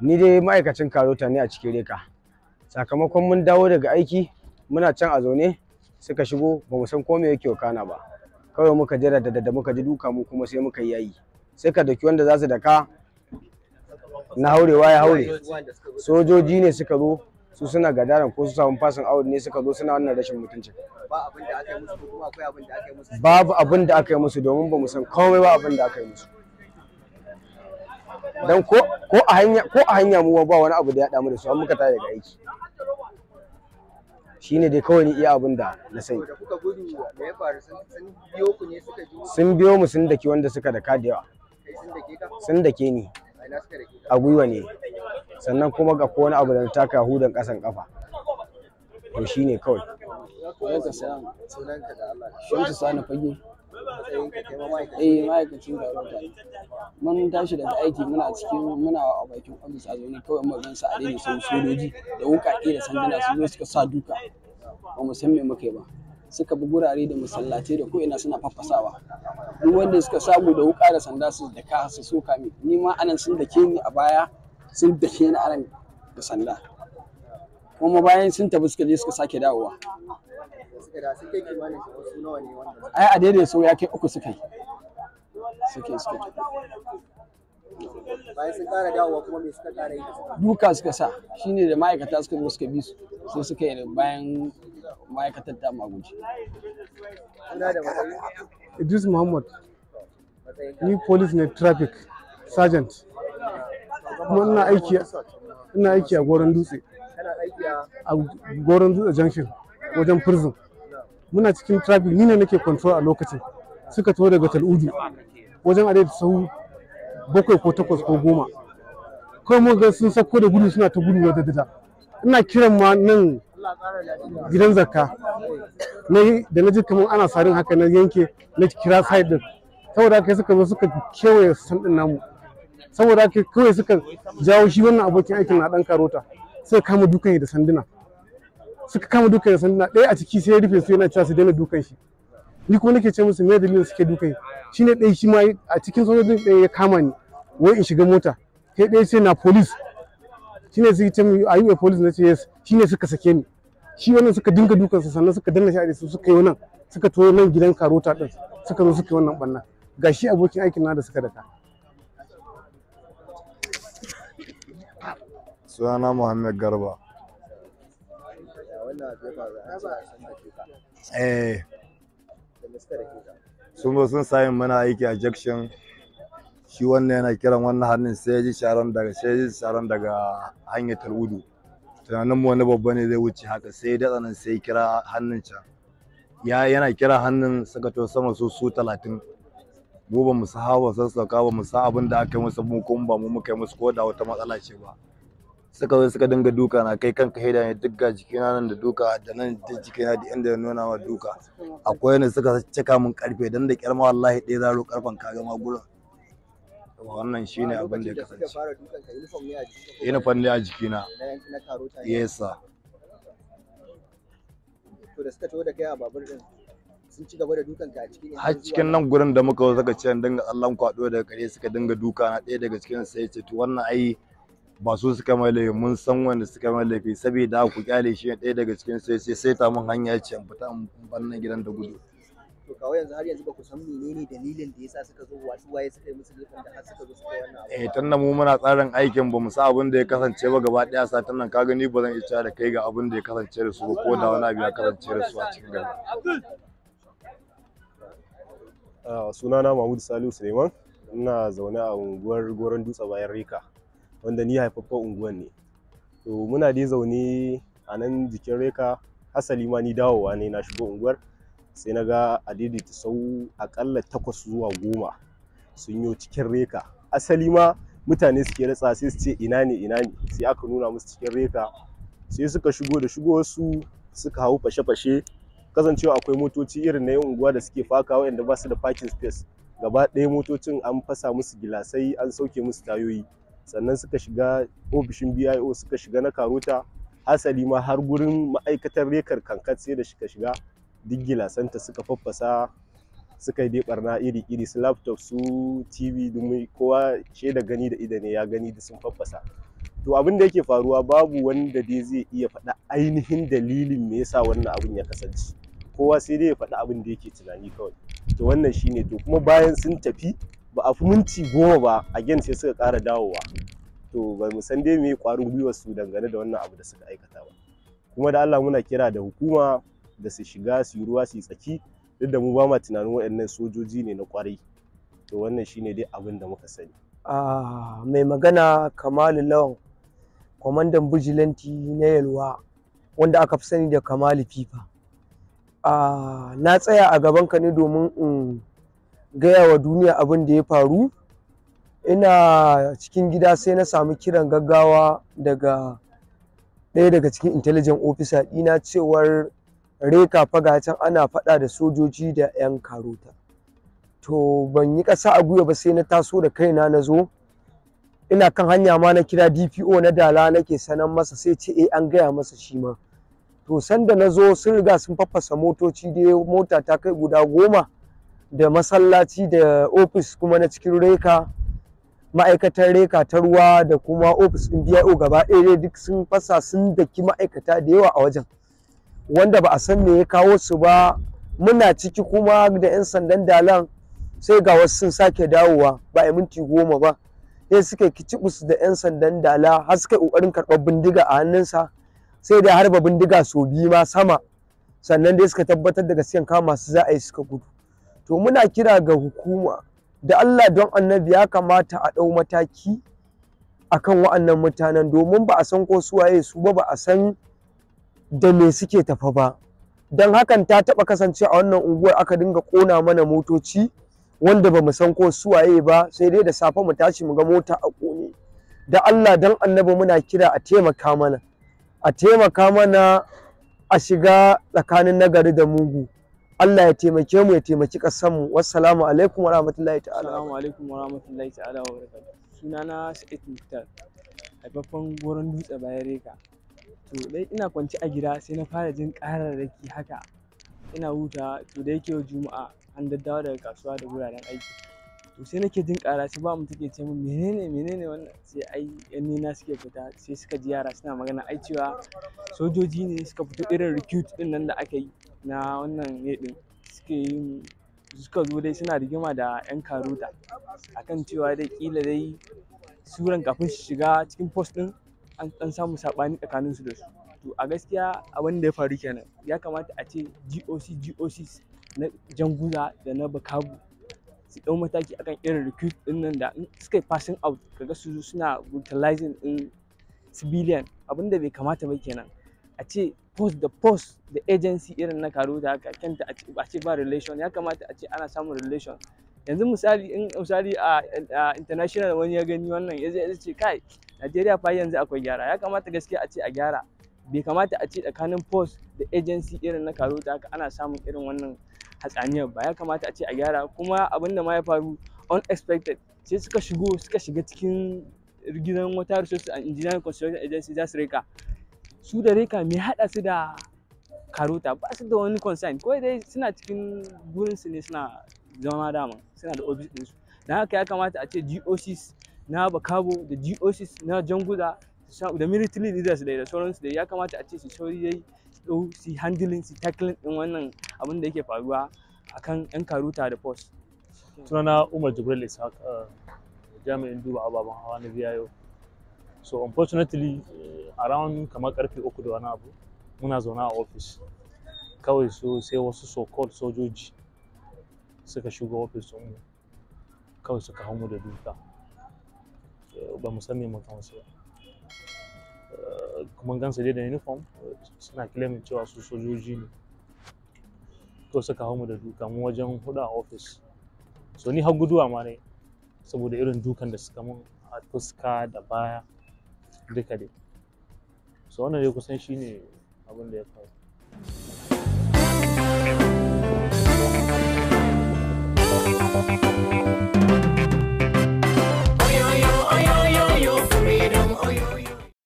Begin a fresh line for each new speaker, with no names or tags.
ni dai ma'aikacin karota ne a cikin reka sakamakon mun dawo daga aiki muna can a zaune suka shigo ba mu san komai yake wakana ba kawai muka jira da da muka ji duka mu kuma sai muka yayi sai ka daki wanda za su daka na haurewa ya haure sojoji ne suka zo su suna gadaran ko su samu fasin out ne suka zo suna wannan rashin mutuncin babu abin da aka yi musu domin ba mu san komai ba abin da aka yi musu dan ko a hanya ko a hanya mu ba wani abu da ya damu da su an muka tare daga aiki shine dai kawai ni iya abin da na sani sun biyo mu sun daki wanda suka da yawa sun dake ni a gwiwa ne sannan kuma ga ko wani abu da na taka hudan kasan kafa to shine kawai Shamsu Sani Fage. eh ma'aikacin garota
mun tashi daga aiki
muna cikin muna a bakin
ofis a zaune kawai mun su a daidai sun sojoji da wukaƙe da sanduna su zo suka sa duka ba mu san me muke ba suka bi gurare da masallatai da ko'ina suna fafasawa duk wanda suka samu da wuka da sanda su da ka su soka ni ni ma anan sun dake ni a baya sun dake ni anan da sanda kuma bayan sun tafi suka je suka sake dawowa
ai a daidai so ya kai uku suka yi
suke suke bayan sun kara dawowa kuma me suka kara yi
duka suka sa shine da ma'aikata suka zo suka bi su sai suka yi bayan ma'aikatar ta maguji
Idris Muhammad ni police ne traffic sergeant kuma ina aiki a goron dutse a goron dutse junction wajen prison muna cikin traffic ni ne nake control a lokacin suka taho daga tal'udu wajen da sau bakwai ko takwas ko goma kawai mun ga sun sako da gudu suna ta gudu wata dada ina kiran ma nan
gidan zakka
da na ji kamar ana sarin haka na yanke na kira side din saboda haka suka zo suka kewaye san din namu saboda haka kawai suka jawo shi wannan abokin aikin na dan karota suka kama dukan da sanduna suka kama dukan da sanduna ɗaya a ciki sai ya rufe su yana cewa su daina dukan shi ni kuma nake ce musu me dalilin suke dukan shi ne ɗaya shi ma a cikin sojojin ɗaya ya kama ni wai in shiga mota sai ɗaya ce na police shi ne suke ce mu a yi police na ce yes shi ne suka sake ni shi wannan suka dinga dukan sa sannan suka danna shi a su suka yi wannan suka toro nan gidan karota ɗin suka zo suka yi wannan ɓanna
gashi abokin aikin na da suka daka Sunana Muhammad Garba. Eh. Sun ba sun sayin mana aiki a Jakshin. Shi wannan yana kiran wannan hannun sai ya ji sharan daga sai ya hanyar talwudu. Tunanin wani babba ne zai wuce haka sai da tsanan sai kira hannun can. yana kira hannun sakato sama su su talatin. mu ba mu sa hawa sassauka ba mu sa abin da aka yi musu mu kuma ba mu muka yi musu ko da wata matsala ce ba suka zo suka dinga duka na kai kanka haida ne duk ga jikina nan da duka da nan da jikina da inda nuna wa duka akwai ne suka cika min karfe dan da kyar ma wallahi ɗaya zaro karfan ka ga magura wannan shine abin da ya kasance ina ne a jikina
yesa to da suka taho da kai a babur din sun ci gaba da dukan ka cikin har cikin nan
gurin da muka zaka ce an dinga Allah kwado daga kare suka dinga duka na ɗaya daga cikin sai ce to wannan ai ba su suka mai laifi mun san wanda suka mai laifi saboda ku kyale shi ɗaya daga cikin sai sai sai ta mun hanya ce an fita an banna gidan da gudu
to kawo yanzu har yanzu ba ku san menene dalilin da
yasa suka zo wasu waye suka yi musu laifin da har suka zo suka wannan abu eh tunda mu muna tsarin aikin ba mu sa abin da ya kasance ba gaba ɗaya satan nan ka gani ba zan iya da kai ga abin da ya kasance da su ko da wani abu ya kasance da su a cikin
gaba
Ah, sunana
mahmud salihu suleiman ina zaune a unguwar goron dutse bayan reka wanda ni haifaffen unguwar ne to muna dai zaune a nan jikin reka hasali ma ni dawowa ne na shigo unguwar sai na ga a daidaita sau akalla takwas zuwa goma sun yi cikin reka asali ma mutane suke ratsa sai su ce ina ne ina ne sai aka nuna musu cikin reka sai suka shigo da shigo wasu suka hau fashe-fashe kasancewa akwai motoci irin na yan unguwa da suke faka wayanda ba su da parking space gaba ɗaya motocin an fasa musu gilasai an sauke musu tayoyi sannan suka shiga ofishin BIO suka shiga na Karuta hasali ma har gurin ma'aikatar rekar kankat sai da suka shiga duk gilasanta suka faffasa suka yi dai barna iri iri su laptop su TV domin kowa da gani da ida ne ya gani da sun faffasa to abin da yake faruwa babu wanda dai zai iya faɗa ainihin dalilin me yasa wannan abun ya kasance kowa sai dai ya faɗi abin da yake tunani kawai to wannan shine to kuma bayan sun tafi ba a fi minti goma ba a gen sai suka kara dawowa to ba mu san dai me ƙwarin gwiwar su dangane da wannan abu da suka aikata ba kuma da Allah muna kira da hukuma da su shiga su yi ruwa su yi tsaki duk da mu ba ma tunanin waɗannan sojoji ne na ƙwarai to wannan shine dai abin da muka sani
ah mai magana Kamalu Lawan kwamandan bijilanti na Yalwa wanda aka fi sani da Kamalu Fifa na tsaya a gaban ka ne domin in gaya wa duniya abin da ya faru ina cikin gida sai na samu kiran gaggawa daga ɗaya daga cikin intelligent officer ɗina cewar reka can ana faɗa da sojoji da 'yan karota to ban yi ƙasa a gwiwa ba sai na taso da kaina na zo ina kan hanya ma na kira dpo na dala nake sanan masa sai ce eh an gaya masa shi ma to sanda na zo sun riga sun faffasa motoci dai mota ta kai guda goma da masallaci da ofis kuma na cikin reka ma'aikatar reka ta ruwa da kuma ofis ɗin bio gaba ɗaya duk sun fasa sun daki ma'aikata da yawa a wajen wanda ba a san me ya kawo su ba muna ciki kuma da 'yan sandan dalan sai ga wasu sun sake dawowa ba a minti goma ba sai suka musu da 'yan sandan dala har suka ƙoƙarin karɓar bindiga a hannunsa sai da harba bindiga sau biyu ma sama sannan dai suka tabbatar da gaskiyan kama masu za a yi suka gudu to muna kira ga hukuma da Allah don annabi ya kamata a ɗau mataki akan wa'annan mutanen domin ba a san ko su waye su ba ba a san da me suke tafa ba don hakan ta taɓa kasance a wannan unguwar aka dinga ƙona mana motoci wanda ba mu san ko su waye ba sai dai da safe mu tashi mu ga mota a ƙone da Allah don annabi muna kira a taimaka mana a taimaka mana a shiga tsakanin nagari da mugu Allah ya taimake mu ya taimaki ƙasarmu wassalamu alaikum wa rahmatullahi ta'ala assalamu
alaikum wa rahmatullahi ta'ala wa barakatuh sunana Sa'id Mukhtar haifafan goron dutse bayan reka to dai ina kwance a gida sai na fara jin ƙararraki haka ina huta to da yake juma'a an daddawa daga kasuwa da wuraren aiki to sai nake jin ƙara sai ba mu take ce min menene menene wannan sai ai yanni na suke fita sai suka ji yara suna magana ai cewa sojoji ne suka fito irin recruit din nan da aka yi na wannan ne din suke yin suka zo dai suna rigima da yan karota akan cewa dai kila dai suran kafin su shiga cikin post din an dan samu saɓani tsakanin su da su to a gaskiya abin da ya faru kenan ya kamata a ce GOC GOC na janguza da na bakabu su ɗau mataki akan irin recruit ɗin nan da suka yi passing out kaga su suna brutalizing ɗin civilian abinda bai kamata ba kenan a ce post da post da agency irin na karo da haka kenta a ce ba relation ya kamata a ce ana samun relation yanzu misali in misali a international wani ya gani wannan ya zai ce kai Najeriya fa yanzu akwai gyara ya kamata gaskiya a ce a gyara bai kamata a ce tsakanin post da agency irin na karo da haka ana samun irin wannan hatsaniyar ba ya kamata a ce a gyara kuma abin da ma ya faru unexpected sai suka shigo suka shiga cikin gidan wata resources and engineering construction agency za su reka su da reka mai haɗa su da karota ba su da wani concern ko dai suna cikin gurin ne suna zama dama suna da office ɗinsu don haka ya kamata a ce gocs na bakabo da gocs na janguza da military leaders da sauransu da ya kamata a ce su shauri dai tsau su handling su tackling din wannan abin da yake faruwa akan yan karuta da post sunana
umar jibril ishaq eh, jami'in duba ababen hawa na biya yau so unfortunately eh, around kamar karfe uku da wani abu muna zaune a office kawai so sai wasu so called sojoji suka shiga office mu kawai suka hau mu da duka eh, ba mu san mu ba kuma gansa dai da uniform suna claiming cewa su sojoji ne to suka hau mu da duka mu wajen hudu a ofis so ni har guduwa ma ne saboda irin dukan da suka mun a fuska da baya duka dai so wannan dai kusan shine
abin da ya faru thank you